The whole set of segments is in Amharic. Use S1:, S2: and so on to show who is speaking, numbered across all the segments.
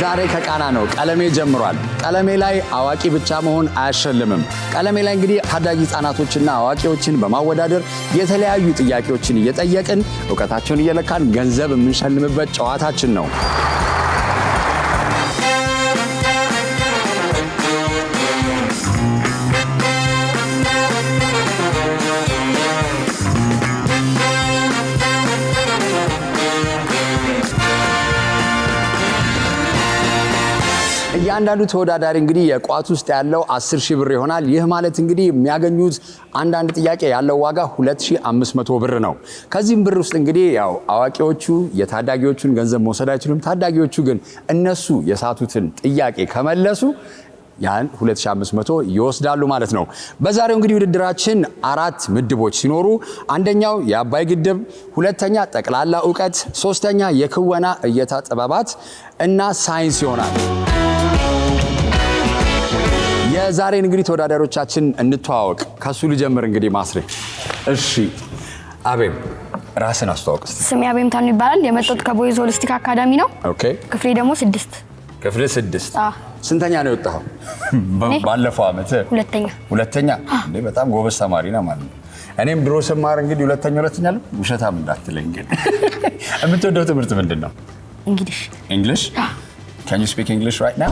S1: ዛሬ ከቃና ነው። ቀለሜ ጀምሯል። ቀለሜ ላይ አዋቂ ብቻ መሆን አያሸልምም። ቀለሜ ላይ እንግዲህ ታዳጊ ህጻናቶችና አዋቂዎችን በማወዳደር የተለያዩ ጥያቄዎችን እየጠየቅን እውቀታቸውን እየለካን ገንዘብ የምንሸልምበት ጨዋታችን ነው። እያንዳንዱ ተወዳዳሪ እንግዲህ የቋት ውስጥ ያለው 10 ሺህ ብር ይሆናል። ይህ ማለት እንግዲህ የሚያገኙት አንዳንድ ጥያቄ ያለው ዋጋ 2500 ብር ነው። ከዚህም ብር ውስጥ እንግዲህ ያው አዋቂዎቹ የታዳጊዎቹን ገንዘብ መውሰድ አይችሉም። ታዳጊዎቹ ግን እነሱ የሳቱትን ጥያቄ ከመለሱ ያን 2500 ይወስዳሉ ማለት ነው። በዛሬው እንግዲህ ውድድራችን አራት ምድቦች ሲኖሩ አንደኛው የአባይ ግድብ፣ ሁለተኛ ጠቅላላ እውቀት፣ ሶስተኛ የክወና እይታ ጥበባት እና ሳይንስ ይሆናል። የዛሬን እንግዲህ ተወዳዳሪዎቻችን እንተዋወቅ። ከሱ ልጀምር እንግዲህ ማስሬ። እሺ አቤም ራስን አስተዋወቅ።
S2: ስሜ አቤም ታኑ ይባላል። የመጣሁት ከቦይዝ ሆሊስቲክ አካዳሚ ነው። ክፍሌ ደግሞ ስድስት
S1: ክፍል ስድስት ስንተኛ ነው የወጣኸው? ባለፈው አመት ሁለተኛ። ሁለተኛ እንዴ! በጣም ጎበዝ ተማሪ ነው ማለት ነው። እኔም ድሮ ስማር እንግዲህ ሁለተኛ ሁለተኛ አለ። ውሸታም እንዳትለኝ ግን የምትወደው ትምህርት ምንድን ነው? እንግሊሽ። እንግሊሽ? ካን ዩ ስፒክ እንግሊሽ ራይት ናው?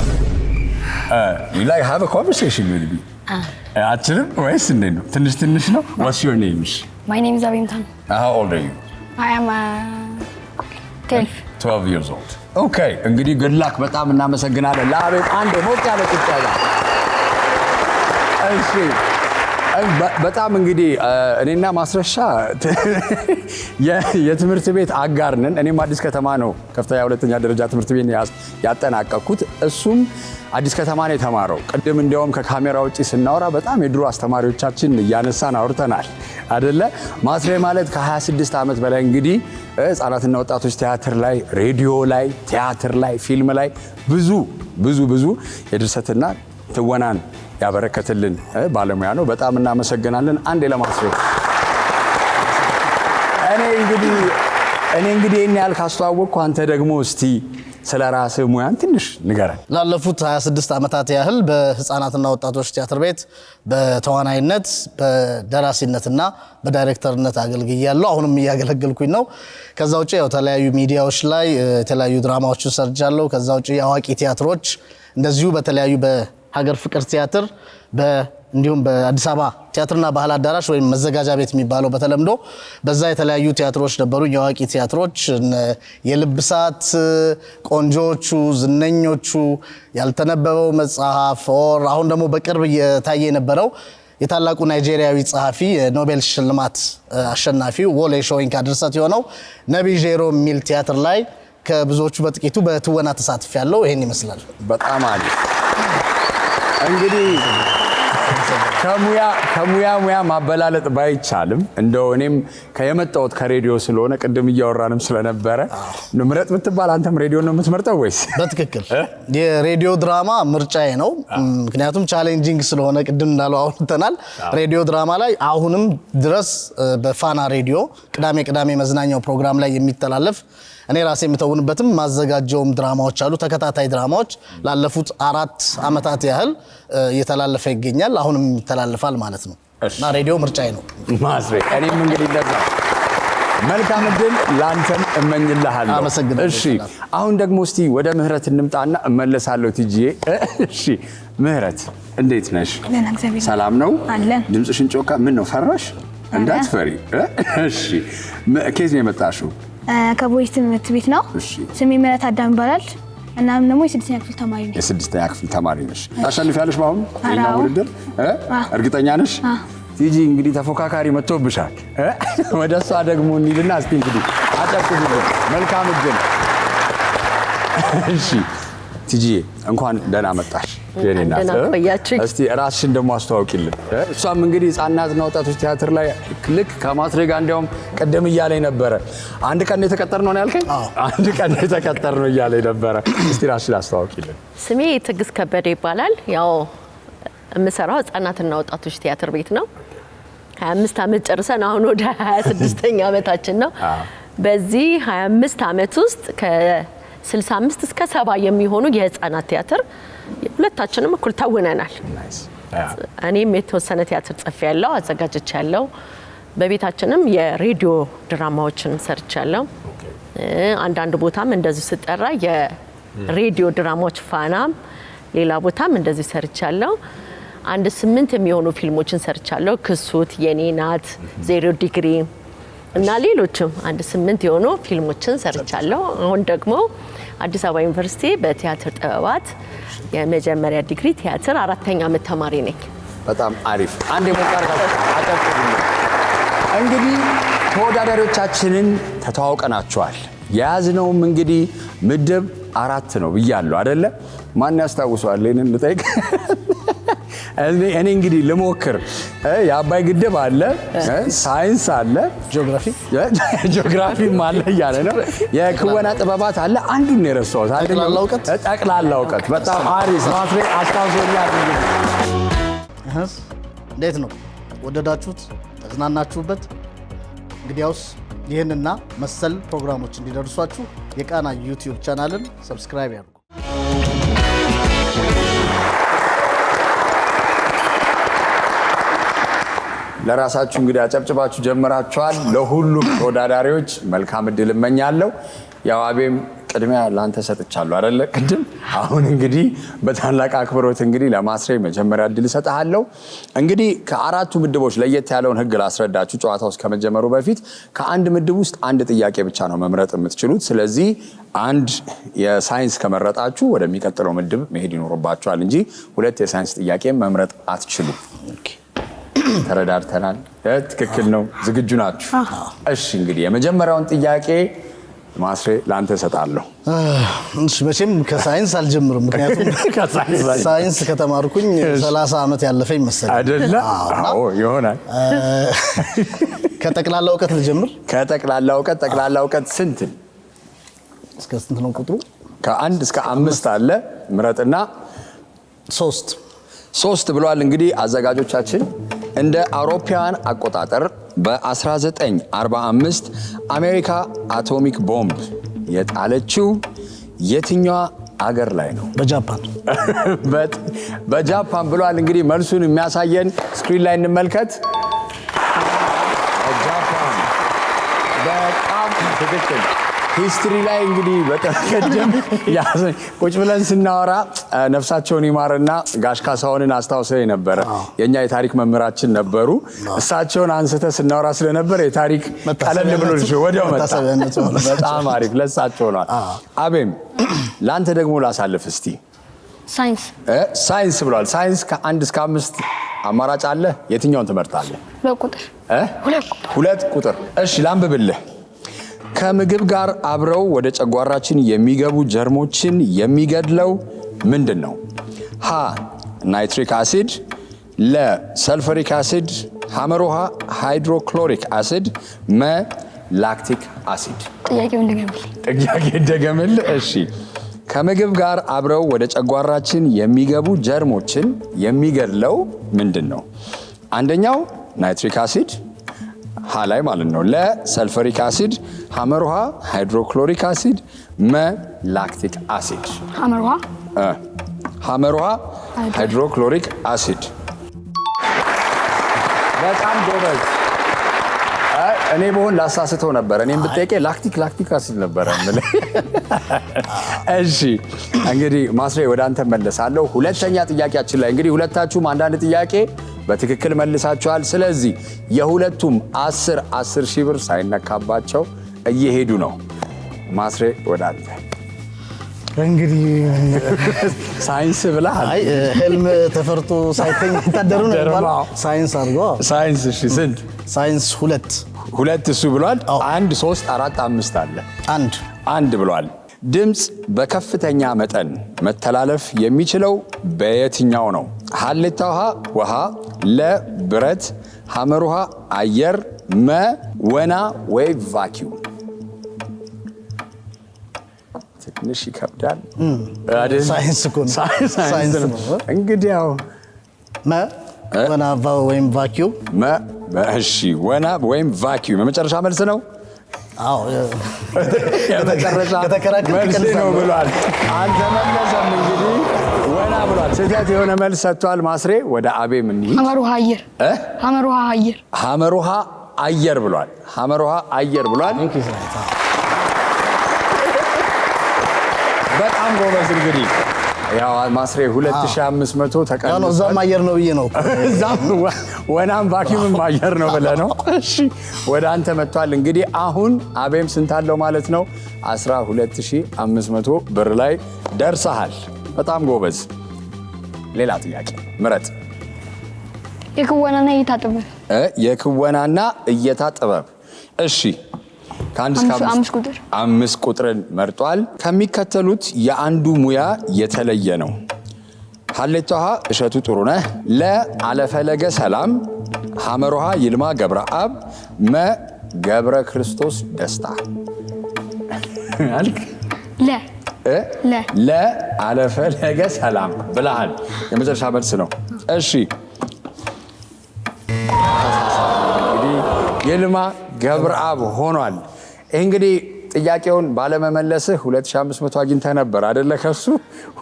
S1: አችልም ወይስ እንዴት ነው? ትንሽ ትንሽ ነው። ዋትስ ዮር ኔምስ?
S2: ማይ ኔም ኢዝ አቢምታ ሃው ኦልድ አር ዩ? አይ አም 12
S1: ይርስ ኦልድ። ኦኬ እንግዲህ ጉድ ላክ። በጣም እናመሰግናለን። ለአቤል አንድ ሞቅ ያለ ቁጣ። እሺ በጣም እንግዲህ እኔና ማስረሻ የትምህርት ቤት አጋር ነን። እኔም አዲስ ከተማ ነው ከፍተኛ ሁለተኛ ደረጃ ትምህርት ቤት ያጠናቀኩት፣ እሱም አዲስ ከተማ ነው የተማረው። ቅድም እንዲያውም ከካሜራ ውጭ ስናወራ በጣም የድሮ አስተማሪዎቻችን እያነሳን አውርተናል አደለ? ማስሬ ማለት ከ26 ዓመት በላይ እንግዲህ ህጻናትና ወጣቶች ቲያትር ላይ፣ ሬዲዮ ላይ፣ ቲያትር ላይ፣ ፊልም ላይ ብዙ ብዙ ብዙ የድርሰትና ትወናን ያበረከትልን ባለሙያ ነው። በጣም እናመሰግናለን። አንዴ ለማስቤት እኔ እንግዲህ እኔ እንግዲህ ይህን ያህል ካስተዋወቅኩ አንተ ደግሞ እስቲ ስለ ራስህ ሙያን ትንሽ ንገረን።
S3: ላለፉት 26 ዓመታት ያህል በህፃናትና ወጣቶች ቲያትር ቤት በተዋናይነት በደራሲነትና በዳይሬክተርነት አገልግያለሁ። አሁንም እያገለገልኩኝ ነው። ከዛ ውጭ ያው የተለያዩ ሚዲያዎች ላይ የተለያዩ ድራማዎችን ሰርጃለሁ። ከዛ ውጭ የአዋቂ ቲያትሮች እንደዚሁ በተለያዩ ሀገር ፍቅር ቲያትር እንዲሁም በአዲስ አበባ ቲያትርና ባህል አዳራሽ ወይም መዘጋጃ ቤት የሚባለው በተለምዶ በዛ የተለያዩ ቲያትሮች ነበሩ። የአዋቂ ቲያትሮች፣ የልብሳት፣ ቆንጆቹ፣ ዝነኞቹ፣ ያልተነበበው መጽሐፍ ኦር አሁን ደግሞ በቅርብ እየታየ የነበረው የታላቁ ናይጄሪያዊ ጸሐፊ የኖቤል ሽልማት አሸናፊ ወሌ ሾይንካ ድርሰት የሆነው ዜሮ የሚል ቲያትር ላይ ከብዙዎቹ በጥቂቱ በትወና ተሳትፍ ያለው ይህን ይመስላል።
S1: በጣም አሪፍ i good evening. ከሙያ ሙያ ማበላለጥ ባይቻልም እንደው እኔም የመጣሁት ከሬዲዮ ስለሆነ ቅድም እያወራንም ስለነበረ ምረጥ ብትባል አንተም ሬዲዮ ነው የምትመርጠው ወይስ?
S3: በትክክል የሬዲዮ ድራማ ምርጫዬ ነው። ምክንያቱም ቻሌንጂንግ ስለሆነ ቅድም እንዳለው አውርተናል። ሬዲዮ ድራማ ላይ አሁንም ድረስ በፋና ሬዲዮ ቅዳሜ ቅዳሜ መዝናኛው ፕሮግራም ላይ የሚተላለፍ እኔ ራሴ የምተውንበትም ማዘጋጀውም ድራማዎች አሉ። ተከታታይ ድራማዎች ላለፉት አራት ዓመታት ያህል እየተላለፈ ይገኛል። አሁንም ይተላለፋል ማለት ነው እና ሬዲዮ ምርጫዬ ነው።
S1: ማስሬ እኔም እንግዲህ እንደዛ መልካም እድል ለአንተም እመኝልሃለሁ። አመሰግናለሁ። እሺ አሁን ደግሞ እስቲ ወደ ምህረት እንምጣና እመለሳለሁ። ትጅዬ እሺ ምህረት እንዴት ነሽ? ሰላም ነው? ድምፅሽን ጮካ። ምን ነው ፈራሽ? እንዳትፈሪ። እሺ ኬዝ ነው የመጣሽው?
S2: ከቦይስ ትምህርት ቤት ነው። ስሜ ምህረት አዳም ይባላል። እናም ደግሞ የስድስተኛ ክፍል ተማሪ
S1: ነሽ። የስድስተኛ ክፍል ተማሪ ነሽ። ታሸንፊያለሽ በአሁኑ ይሄኛው ውድድር እርግጠኛ ነሽ? ቲጂ እንግዲህ ተፎካካሪ መጥቶብሻል። ወደ እሷ ደግሞ እንሂድና እስቲ እንግዲህ አጨቁ መልካም እድል። እሺ ቲጂ እንኳን ደህና መጣሽ። የኔና እስቲ ራስሽን ደግሞ አስተዋውቂልን። እሷም እንግዲህ ህጻናትና ወጣቶች ቲያትር ላይ ልክ ከማስሬጋ እንዲያውም ቅድም እያለኝ ነበረ አንድ ቀን የተቀጠር ነው ያልከኝ፣ አንድ ቀን የተቀጠር ነው እያለኝ ነበረ። እስቲ ራስሽን አስተዋውቂልን።
S2: ስሜ ትዕግስት ከበደ ይባላል። ያው የምሰራው ህጻናትና ወጣቶች ቲያትር ቤት ነው። 25 ዓመት ጨርሰን አሁን ወደ 26ኛ ዓመታችን ነው። በዚህ 25 ዓመት ውስጥ 65 እስከ 70 የሚሆኑ የህፃናት ቲያትር ሁለታችንም እኩል ተውነናል። እኔም የተወሰነ ቲያትር ጽፌ ያለው አዘጋጀች ያለው በቤታችንም የሬዲዮ ድራማዎችን ሰርች ያለው አንዳንድ ቦታም እንደዚሁ ስጠራ የሬዲዮ ድራማዎች ፋናም፣ ሌላ ቦታም እንደዚሁ ሰርች ያለው አንድ ስምንት የሚሆኑ ፊልሞችን ሰርቻለሁ። ክሱት፣ የኔ ናት፣ ዜሮ ዲግሪ እና ሌሎችም አንድ ስምንት የሆኑ ፊልሞችን ሰርቻለሁ። አሁን ደግሞ አዲስ አበባ ዩኒቨርሲቲ በቲያትር ጥበባት የመጀመሪያ ዲግሪ ቲያትር አራተኛ ዓመት ተማሪ ነኝ።
S1: በጣም አሪፍ። አንድ እንግዲህ ተወዳዳሪዎቻችንን ተተዋውቀናቸዋል። የያዝነውም እንግዲህ ምድብ አራት ነው ብያለሁ አደለ? ማን ያስታውሰዋል? ይህንን ልጠይቅ እኔ እንግዲህ ልሞክር። የአባይ ግድብ አለ፣ ሳይንስ አለ፣ ጂኦግራፊም አለ እያለ ነው። የክወና ጥበባት አለ። አንዱን ነው የረሳሁት። ጠቅላላ እውቀት። በጣም አሪፍ ማስሬ አስታውሶኛል።
S3: እንዴት ነው ወደዳችሁት? ተዝናናችሁበት? እንግዲያውስ ይህንና መሰል ፕሮግራሞች እንዲደርሷችሁ የቃና ዩቲዩብ ቻናልን ሰብስክራይብ ያድርጉ።
S1: ለራሳችሁ እንግዲህ አጨብጭባችሁ ጀምራችኋል። ለሁሉም ተወዳዳሪዎች መልካም እድል እመኛለሁ። ያው አቤም ቅድሚያ ለአንተ ሰጥቻለሁ አይደለ? ቅድም አሁን እንግዲህ በታላቅ አክብሮት እንግዲህ ለማስሬ መጀመሪያ እድል እሰጥሃለሁ። እንግዲህ ከአራቱ ምድቦች ለየት ያለውን ህግ ላስረዳችሁ። ጨዋታ ውስጥ ከመጀመሩ በፊት ከአንድ ምድብ ውስጥ አንድ ጥያቄ ብቻ ነው መምረጥ የምትችሉት። ስለዚህ አንድ የሳይንስ ከመረጣችሁ ወደሚቀጥለው ምድብ መሄድ ይኖርባችኋል እንጂ ሁለት የሳይንስ ጥያቄ መምረጥ አትችሉም። ተረዳድተናል። ትክክል ነው። ዝግጁ ናችሁ? እሺ እንግዲህ የመጀመሪያውን ጥያቄ ማስሬ ለአንተ እሰጣለሁ።
S3: መቼም ከሳይንስ አልጀምርም፣ ምክንያቱም ሳይንስ ከተማርኩኝ 30 ዓመት ያለፈ ይመስላል
S1: አይደለ? አዎ ይሆናል።
S3: ከጠቅላላ እውቀት ልጀምር።
S1: ከጠቅላላ እውቀት ጠቅላላ እውቀት ስንት
S3: እስከ ስንት ነው ቁጥሩ?
S1: ከአንድ እስከ አምስት አለ። ምረጥና ሶስት ሶስት ብለዋል። እንግዲህ አዘጋጆቻችን እንደ አውሮፓውያን አቆጣጠር በ1945 አሜሪካ አቶሚክ ቦምብ የጣለችው የትኛዋ አገር ላይ ነው? በጃፓን በጃፓን ብሏል። እንግዲህ መልሱን የሚያሳየን ስክሪን ላይ እንመልከት። በጣም ትክክል ሂስትሪ ላይ እንግዲህ በጠቀጀም ቁጭ ብለን ስናወራ ነፍሳቸውን ይማርና ጋሽ ካሳሁንን አስታውሰው ነበረ። የእኛ የታሪክ መምህራችን ነበሩ። እሳቸውን አንስተ ስናወራ ስለነበረ የታሪክ ቀለል ብሎ ወዲያው
S3: መጣ።
S1: አሪፍ ለሳቸው ነዋል። አቤም ለአንተ ደግሞ ላሳልፍ እስቲ ሳይንስ ሳይንስ ብሏል። ሳይንስ ከአንድ እስከ አምስት አማራጭ አለ። የትኛውን ትመርጣለህ? ሁለት ቁጥር። እሺ ላንብብልህ ከምግብ ጋር አብረው ወደ ጨጓራችን የሚገቡ ጀርሞችን የሚገድለው ምንድን ነው? ሀ ናይትሪክ አሲድ፣ ለ ሰልፈሪክ አሲድ፣ ውሃ ሃይድሮክሎሪክ አሲድ፣ መ ላክቲክ አሲድ። ጥያቄ እንደገምል። እሺ ከምግብ ጋር አብረው ወደ ጨጓራችን የሚገቡ ጀርሞችን የሚገድለው ምንድን ነው? አንደኛው ናይትሪክ አሲድ ሀ ላይ ማለት ነው። ለሰልፈሪክ አሲድ ሀመር ውሃ ሃይድሮክሎሪክ አሲድ መ ላክቲክ አሲድ ሀመር ውሃ ሃይድሮክሎሪክ አሲድ እኔ በሆን ላሳስተው ነበረ። እኔም ብጠይቄ ላክቲክ ላክቲክ አሲድ ነበረ። እሺ እንግዲህ ማስሬ ወደ አንተ መለሳለሁ። ሁለተኛ ጥያቄያችን ላይ እንግዲህ ሁለታችሁም አንዳንድ ጥያቄ በትክክል መልሳችኋል። ስለዚህ የሁለቱም አስር አስር ሺህ ብር ሳይነካባቸው እየሄዱ ነው። ማስሬ ወደ አንተ እንግዲህ ሳይንስ ብላ
S3: ህልም ተፈርቶ ሳይተኝ ይታደሩ ነው። ሳይንስ አድርጎ
S1: ሳይንስ እሺ፣ ስንት
S3: ሳይንስ ሁለት
S1: ሁለት እሱ ብሏል። አንድ ሶስት አራት አምስት አለ። አንድ አንድ ብሏል። ድምፅ በከፍተኛ መጠን መተላለፍ የሚችለው በየትኛው ነው? ሀሌታ ውሃ ውሃ፣ ለ ሐመር ውሃ አየር፣ መ ወና ወይ ቫኪዩም። ትንሽ ይከብዳል። ሳይንስ እንግዲህ
S3: መ ወና ወይም
S1: መ እሺ ወናብ ወይም ቫኪዩም የመጨረሻ መልስ ነው። የመጨረሻ መልስ ነው ብሏል። አልተመለሰም። እንግዲህ ወና ብሏል። ስህተት የሆነ መልስ ሰጥቷል። ማስሬ ወደ አቤ ምንሄድ ሀመሩሃ አየር ብሏል። ሀመሩሃ አየር ብሏል። በጣም ጎበዝ እንግዲህ ያው ማስሬ 2500 ተቀንሷል።
S3: እዛም አየር ነው ብዬ ነው
S1: እዛም ወናም ቫኪዩምም አየር ነው ብለህ ነው። እሺ ወደ አንተ መጥቷል። እንግዲህ አሁን አቤም ስንት አለው ማለት ነው? 12500 ብር ላይ ደርሰሃል። በጣም ጎበዝ። ሌላ ጥያቄ ምረጥ።
S2: የክወናና እይታ ጥበብ
S1: የክወናና እይታ ጥበብ። እሺ ከአንድ እስከ አምስት ቁጥርን መርጧል። ከሚከተሉት የአንዱ ሙያ የተለየ ነው። ሀሌቷሃ እሸቱ ጥሩ ነህ ለአለፈለገ ሰላም፣ ሐመሮሃ ይልማ ገብረ አብ መ ገብረ ክርስቶስ ደስታ ለ አለፈለገ ሰላም ብለሃል። የመጨረሻ መልስ ነው። እሺ ይልማ ገብረአብ ሆኗል። ይህ እንግዲህ ጥያቄውን ባለመመለስህ 2500 አግኝተህ ነበር አደለ? ከሱ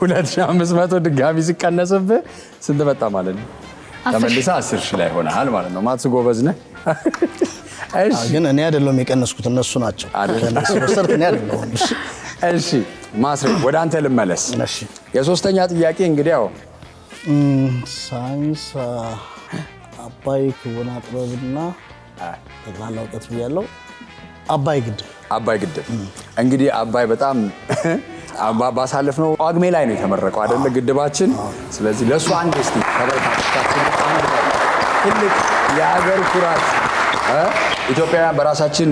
S1: 2500 ድጋሚ ሲቀነስብህ ስንት መጣ ማለት ነው? ተመልሰህ 10 ሺ ላይ ሆነሃል ማለት ነው። ማትስ ጎበዝ ነ
S3: ግን እኔ አደለም የቀነስኩት እነሱ ናቸው።
S1: እሺ ማስሬ ወደ አንተ ልመለስ። የሶስተኛ ጥያቄ እንግዲህ ያው
S3: ሳይንስ አባይ ክቡና ጥበብና ጠቅላላ እውቀት ብያለው አባይ ግድብ
S1: አባይ ግድብ እንግዲህ አባይ በጣም ባሳለፍ ነው ጳጉሜ ላይ ነው የተመረቀው አይደለ? ግድባችን። ስለዚህ ለእሱ አንድ ስ ተበረታችን ትልቅ የሀገር ኩራት ኢትዮጵያውያን በራሳችን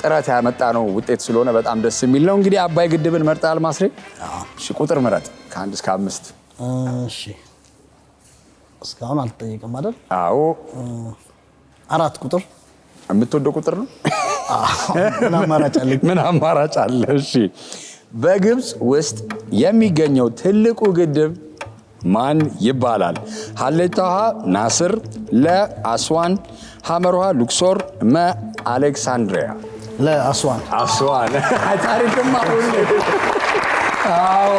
S1: ጥረት ያመጣ ነው ውጤት ስለሆነ በጣም ደስ የሚል ነው። እንግዲህ አባይ ግድብን መርጣል ማስሬ። ቁጥር ምረጥ ከአንድ እስከ አምስት።
S3: እስካሁን አልጠየቅም አይደል? አዎ አራት ቁጥር
S1: የምትወደው ቁጥር ነው ምን አማራጭ አለ? እሺ፣ በግብፅ ውስጥ የሚገኘው ትልቁ ግድብ ማን ይባላል? ሀሌታ ውሃ ናስር፣ ለአስዋን ሐመርሃ ሉክሶር፣ መ አሌክሳንድሪያ። ለአስዋን አስዋን ታሪክማ አዎ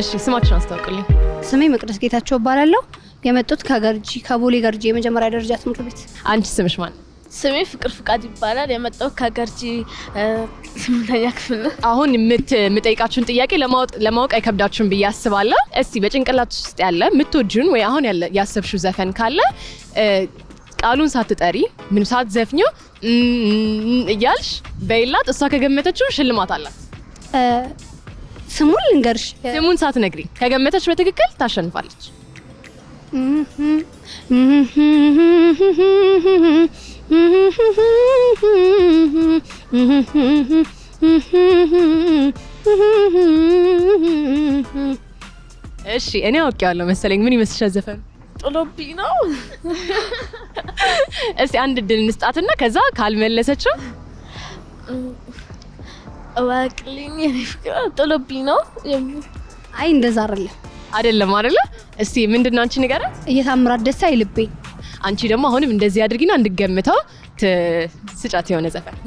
S4: እሺ ስማችን አስታውቅልኝ።
S2: ስሜ መቅደስ ጌታቸው እባላለሁ። የመጡት ከገርጂ ከቦሌ ገርጂ የመጀመሪያ ደረጃ ትምህርት ቤት።
S4: አንቺ ስምሽ ማን?
S2: ስሜ ፍቅር ፍቃድ ይባላል። የመጣው ከገርጂ ስምንተኛ ክፍል ነው።
S4: አሁን የምጠይቃችሁን ጥያቄ ለማወቅ አይከብዳችሁን ብዬ አስባለሁ። እስቲ በጭንቅላት ውስጥ ያለ የምትወጂውን ወይ አሁን ያሰብሽው ዘፈን ካለ ቃሉን ሳትጠሪ ምን ሰዓት እያልሽ በይላት። እሷ ከገመተችው ሽልማት አላት።
S2: ስሙን ልንገርሽ።
S4: ስሙን ሳትነግሪ ከገመተች በትክክል ታሸንፋለች። እሺ እኔ ያለው መሰለኝ። ምን ይመስልሻል? ዘፈን?
S2: ጥሎብኝ ነው።
S4: እስቲ አንድ እድል እንስጣትና ከዛ ካልመለሰችው
S2: እባክልኝ ጥሎብኝ ነው። አይ እንደዛ አይደለም
S4: አይደለም አይደለ? እስቲ ምንድን ነው አንቺ ንገራት።
S2: እየታምራት ደስ አይልቤ።
S4: አንቺ ደግሞ አሁንም እንደዚህ አድርጊና እንድገምተው ስጫት የሆነ ዘፈን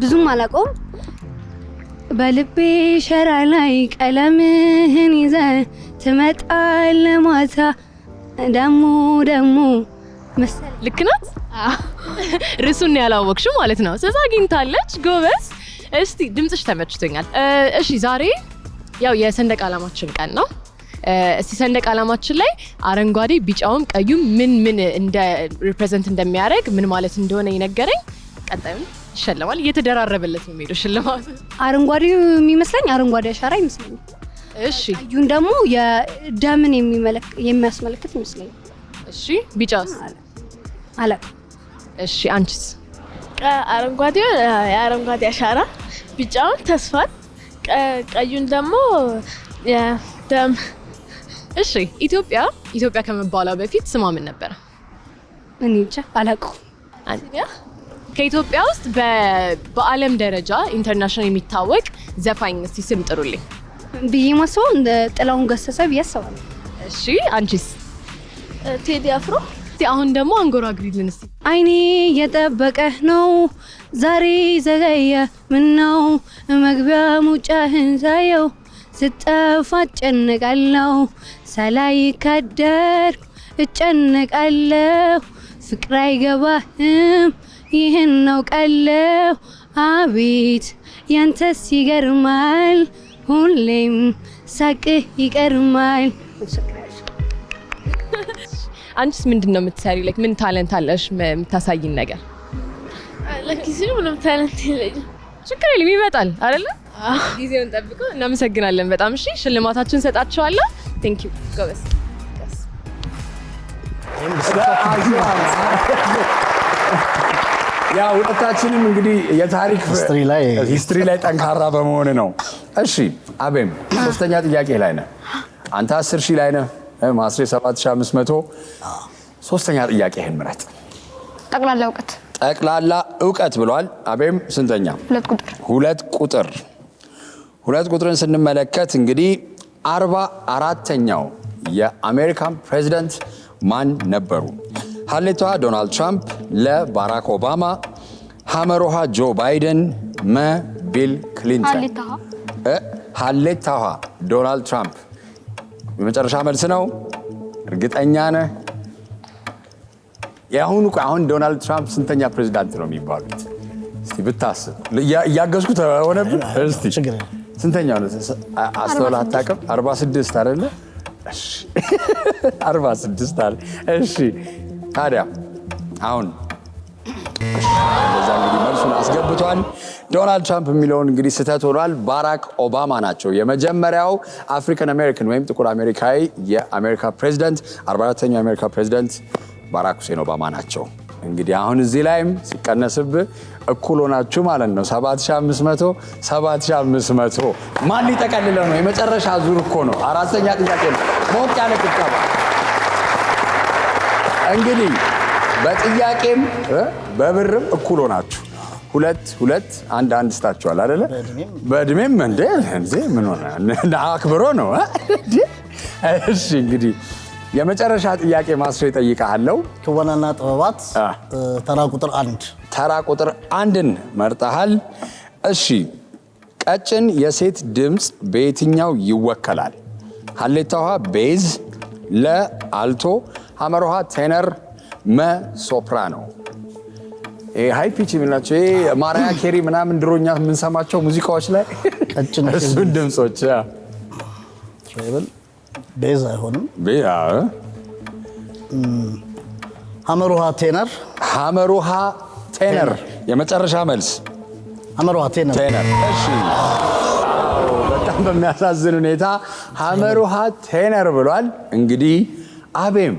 S2: ብዙም አላውቀውም። በልቤ ሸራ ላይ ቀለምህን ይዘ ትመጣለ ማታ ደሞ ደሞ መሰለኝ።
S4: ልክ ናት። ርሱን ያላወቅሽው ማለት ነው። ስለዛ አግኝታለች። ጎበዝ። እስቲ ድምፅሽ ተመችቶኛል። እሺ ዛሬ ያው የሰንደቅ ዓላማችን ቀን ነው። እስቲ ሰንደቅ ዓላማችን ላይ አረንጓዴ ቢጫውም ቀዩም ምን ምን እንደ ሪፕሬዘንት እንደሚያደርግ ምን ማለት እንደሆነ ይነገረኝ። ቀጣዩን ይሸለማል። እየተደራረበለት ነው የሚሄደው ሽልማቱ።
S2: አረንጓዴው የሚመስለኝ አረንጓዴ አሻራ ይመስለኛል። እሺ ቀዩን ደግሞ የደምን የሚያስመለክት ይመስለኛል።
S4: እሺ ቢጫስ? አለ እሺ አንቺስ?
S2: አረንጓዴ የአረንጓዴ አሻራ፣ ቢጫውን ተስፋን፣ ቀዩን ደግሞ የደም።
S4: እሺ ኢትዮጵያ ኢትዮጵያ ከመባሏ በፊት ስሟ ምን ነበረ?
S2: እኔ ብቻ አላውቅም።
S4: ከኢትዮጵያ ውስጥ በዓለም ደረጃ ኢንተርናሽናል የሚታወቅ ዘፋኝ እስቲ ስም ጥሩልኝ።
S2: ብዬ ማስበው እንደ ጥላሁን ገሰሰ ብዬ አስባለሁ።
S4: እሺ አንቺስ? ቴዲ አፍሮ። አሁን ደግሞ አንጎራግሪልን እስኪ።
S2: አይኔ የጠበቀህ ነው ዛሬ ዘገየ ምን ነው መግቢያ ሙጫህን ሳየው ስጠፋ እጨነቃለሁ ሳላይ ካደር እጨነቃለሁ ፍቅር አይገባህም ይህን ቀለው አቤት ያንተስ ይገርማል ሁሌም ሳቅህ ይቀርማል።
S4: አንቺስ ምንድን ነው የምትሰሪው? ላይክ ምን ታለንት አለሽ የምታሳይን ነገር?
S2: ለጊዜው ምንም ታለንት የለኝም።
S4: ችግር የለም ይመጣል አይደለ? ጊዜውን ጠብቀው። እናመሰግናለን በጣም እሺ። ሽልማታችሁን ሰጣችኋለሁ። ቴንክ ዩ ጎበስ
S1: ያ ሁለታችንም እንግዲህ የታሪክ ሂስትሪ ላይ ጠንካራ በመሆን ነው። እሺ አቤም ሶስተኛ ጥያቄ ላይ ነህ አንተ አስር ሺህ ላይ ነህ። ማስሬ ሰባት ሺህ አምስት መቶ ሶስተኛ ጥያቄ ጥያቄህን ምረጥ። ጠቅላላ እውቀት ጠቅላላ እውቀት ብሏል። አቤም ስንተኛ? ሁለት ቁጥር ሁለት ቁጥርን ስንመለከት እንግዲህ አርባ አራተኛው የአሜሪካን ፕሬዚደንት ማን ነበሩ? ሀሌቷ ዶናልድ ትራምፕ፣ ለባራክ ኦባማ፣ ሐመሮሃ ጆ ባይደን፣ መ ቢል ክሊንተን ሀሌት ታኋ ዶናልድ ትራምፕ የመጨረሻ መልስ ነው። እርግጠኛ ነ የአሁኑ አሁን ዶናልድ ትራምፕ ስንተኛ ፕሬዚዳንት ነው የሚባሉት? እስቲ ብታስብ። እያገዝኩ ሆነብን። እስቲ ስንተኛ አስተውለህ አታውቅም? 46 አይደለ? 46 አለ። እሺ ታዲያ አሁን እንደዛ እንግዲህ መልሱን አስገብቷል። ዶናልድ ትራምፕ የሚለውን እንግዲህ ስህተት ሆኗል። ባራክ ኦባማ ናቸው የመጀመሪያው አፍሪካን አሜሪካን ወይም ጥቁር አሜሪካዊ የአሜሪካ ፕሬዚደንት። 44ተኛው የአሜሪካ ፕሬዚደንት ባራክ ሁሴን ኦባማ ናቸው። እንግዲህ አሁን እዚህ ላይም ሲቀነስብ እኩል ሆናችሁ ማለት ነው። 7500 7500 ማን ሊጠቀልለው ነው? የመጨረሻ ዙር እኮ ነው። አራተኛ ጥያቄ ነው። ሞቅ ያለ ጭብጨባ እንግዲህ በጥያቄም በብርም እኩል ሆናችሁ ሁለት ሁለት አንድ አንድ ስታችኋል አይደለ? በእድሜም እንደ ምን ሆነ አክብሮ ነው። እሺ እንግዲህ የመጨረሻ ጥያቄ ማስሮ ይጠይቃለሁ።
S3: ክወናና ጥበባት ተራ ቁጥር አንድ
S1: ተራ ቁጥር አንድን መርጠሃል። እሺ ቀጭን የሴት ድምፅ በየትኛው ይወከላል? ሀሌታ ቤዝ፣ ለአልቶ ሐመር ውሃ ቴነር፣ መ ሶፕራኖ ሃይፒች የሚላቸው ይሄ ማራያ ኬሪ ምናምን ድሮኛ የምንሰማቸው ሙዚቃዎች ላይ እሱን ድምፆች
S3: ቤዝ አይሆንም። ሀመሩሃ ቴነር
S1: ሀመሩሃ ቴነር የመጨረሻ መልስ ሀመሩሃ ቴነር። እሺ በጣም በሚያሳዝን ሁኔታ ሀመሩሃ ቴነር ብሏል። እንግዲህ አቤም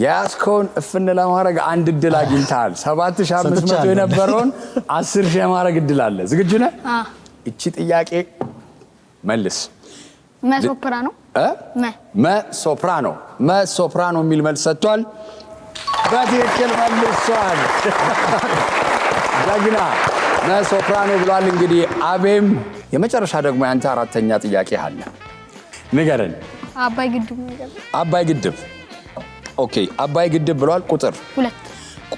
S1: የያዝከውን እፍን ለማድረግ አንድ እድል አግኝተሃል። 7500 የነበረውን ሺህ የማድረግ እድል አለ። ዝግጁ ነህ? እቺ ጥያቄ መልስ። መሶፕራኖ መሶፕራኖ መሶፕራኖ የሚል መልስ ሰጥቷል። በትክክል መልሷል። ጀግና መሶፕራኖ ብሏል። እንግዲህ አቤም፣ የመጨረሻ ደግሞ ያንተ አራተኛ ጥያቄ አለ። ንገረን። አባይ ግድብ ኦኬ አባይ ግድብ ብሏል። ቁጥር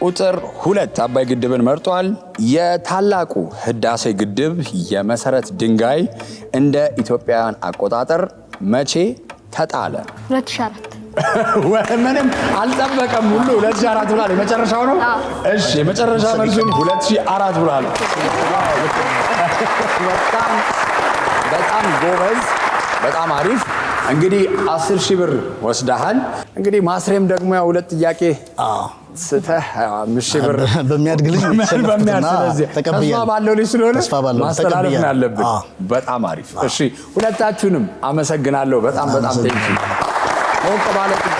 S1: ቁጥር ሁለት አባይ ግድብን መርጧል። የታላቁ ህዳሴ ግድብ የመሰረት ድንጋይ እንደ ኢትዮጵያውያን አቆጣጠር መቼ ተጣለ? ምንም አልጠበቀም። ሁሉ 2004 ብላል የመጨረሻው ነው። እሺ የመጨረሻ መልሱን 2004 ብሏል። በጣም ጎበዝ፣ በጣም አሪፍ እንግዲህ አስር ሺህ ብር ወስደሃል። እንግዲህ ማስሬም ደግሞ ያው ሁለት ጥያቄ ስተህ አምስት ሺህ ብር በሚያድግ ልጅ ተስፋ
S3: ባለው ልጅ ስለሆነ
S1: ማስተላለፍ በጣም አሪፍ። እሺ ሁለታችሁንም አመሰግናለሁ። በጣም በጣም ሞቅ